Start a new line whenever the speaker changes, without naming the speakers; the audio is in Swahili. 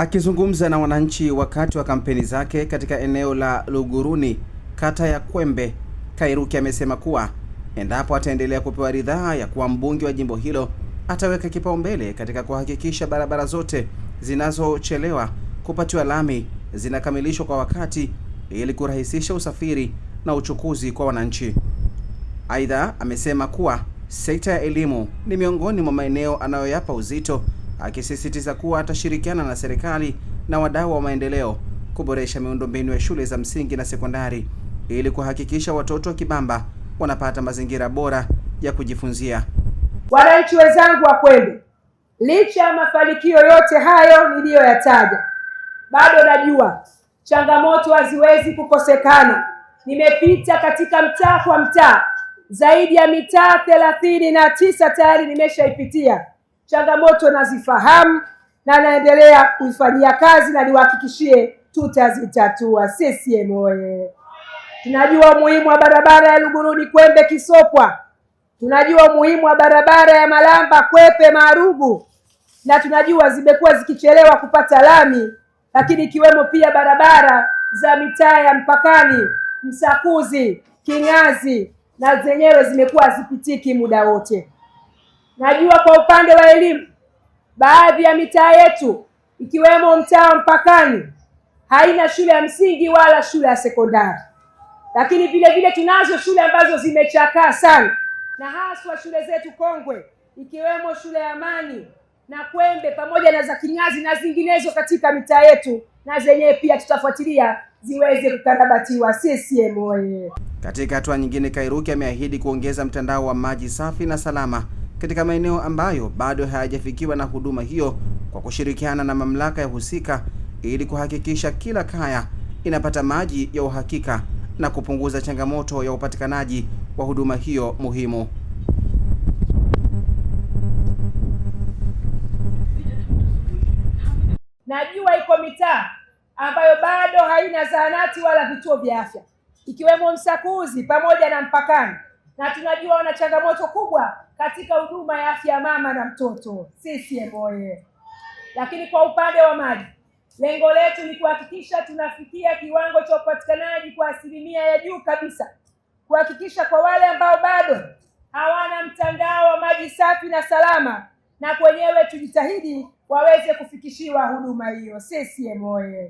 Akizungumza na wananchi wakati wa kampeni zake katika eneo la Luguruni, kata ya Kwembe, Kairuki amesema kuwa endapo ataendelea kupewa ridhaa ya kuwa mbunge wa jimbo hilo, ataweka kipaumbele katika kuhakikisha barabara zote zinazochelewa kupatiwa lami zinakamilishwa kwa wakati ili kurahisisha usafiri na uchukuzi kwa wananchi. Aidha, amesema kuwa sekta ya elimu ni miongoni mwa maeneo anayoyapa uzito akisisitiza kuwa atashirikiana na serikali na wadau wa maendeleo kuboresha miundombinu ya shule za msingi na sekondari ili kuhakikisha watoto wa Kibamba wanapata mazingira bora ya kujifunzia.
Wananchi wenzangu wa Kwembe, licha ya mafanikio yote hayo niliyoyataja, bado najua changamoto haziwezi kukosekana. Nimepita katika mtaa kwa mtaa, zaidi ya mitaa thelathini na tisa tayari nimeshaipitia changamoto nazifahamu na naendelea kuifanyia kazi, na niwahakikishie tutazitatua. CCM oye! Tunajua umuhimu wa barabara ya Luguruni Kwembe Kisopwa, tunajua umuhimu wa barabara ya Malamba Kwepe Marugu, na tunajua zimekuwa zikichelewa kupata lami, lakini ikiwemo pia barabara za mitaa ya mpakani Msakuzi, King'azi na zenyewe zimekuwa zipitiki muda wote. Najua kwa upande wa elimu, baadhi ya mitaa yetu ikiwemo mtaa wa Mpakani haina shule ya msingi wala shule ya sekondari, lakini vile vile tunazo shule ambazo zimechakaa sana, na haswa shule zetu kongwe ikiwemo shule ya Amani na Kwembe pamoja na za Kinyazi na zinginezo katika mitaa yetu, na zenyewe pia tutafuatilia ziweze kukarabatiwa. CCM oye!
Katika hatua nyingine, Kairuki ameahidi kuongeza mtandao wa maji safi na salama katika maeneo ambayo bado hayajafikiwa na huduma hiyo kwa kushirikiana na mamlaka ya husika ili kuhakikisha kila kaya inapata maji ya uhakika na kupunguza changamoto ya upatikanaji wa huduma hiyo muhimu.
Najua iko mitaa ambayo bado haina zahanati wala vituo vya afya ikiwemo Msakuzi pamoja na Mpakani, na tunajua wana changamoto kubwa katika huduma ya afya mama na mtoto CCM oye! Lakini kwa upande wa maji, lengo letu ni kuhakikisha tunafikia kiwango cha upatikanaji kwa asilimia ya juu kabisa, kuhakikisha kwa wale ambao bado hawana mtandao wa maji safi na salama, na kwenyewe tujitahidi waweze kufikishiwa huduma hiyo. CCM oye!